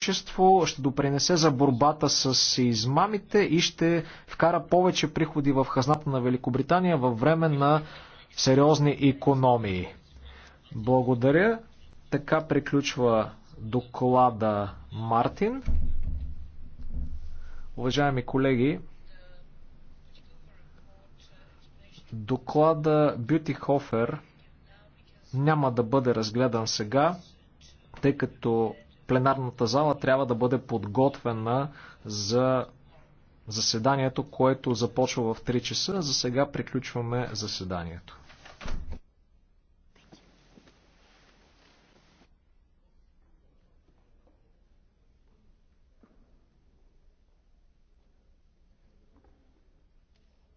сътрудничество, ще допринесе за борбата с измамите и ще вкара повече приходи в хазната на Великобритания във време на сериозни економии. Благодаря. Така приключва доклада Мартин. Уважаеми колеги, доклада Бюти Хофер няма да бъде разгледан сега, тъй като пленарната зала трябва да бъде подготвена за заседанието, което започва в 3 часа. За сега приключваме заседанието.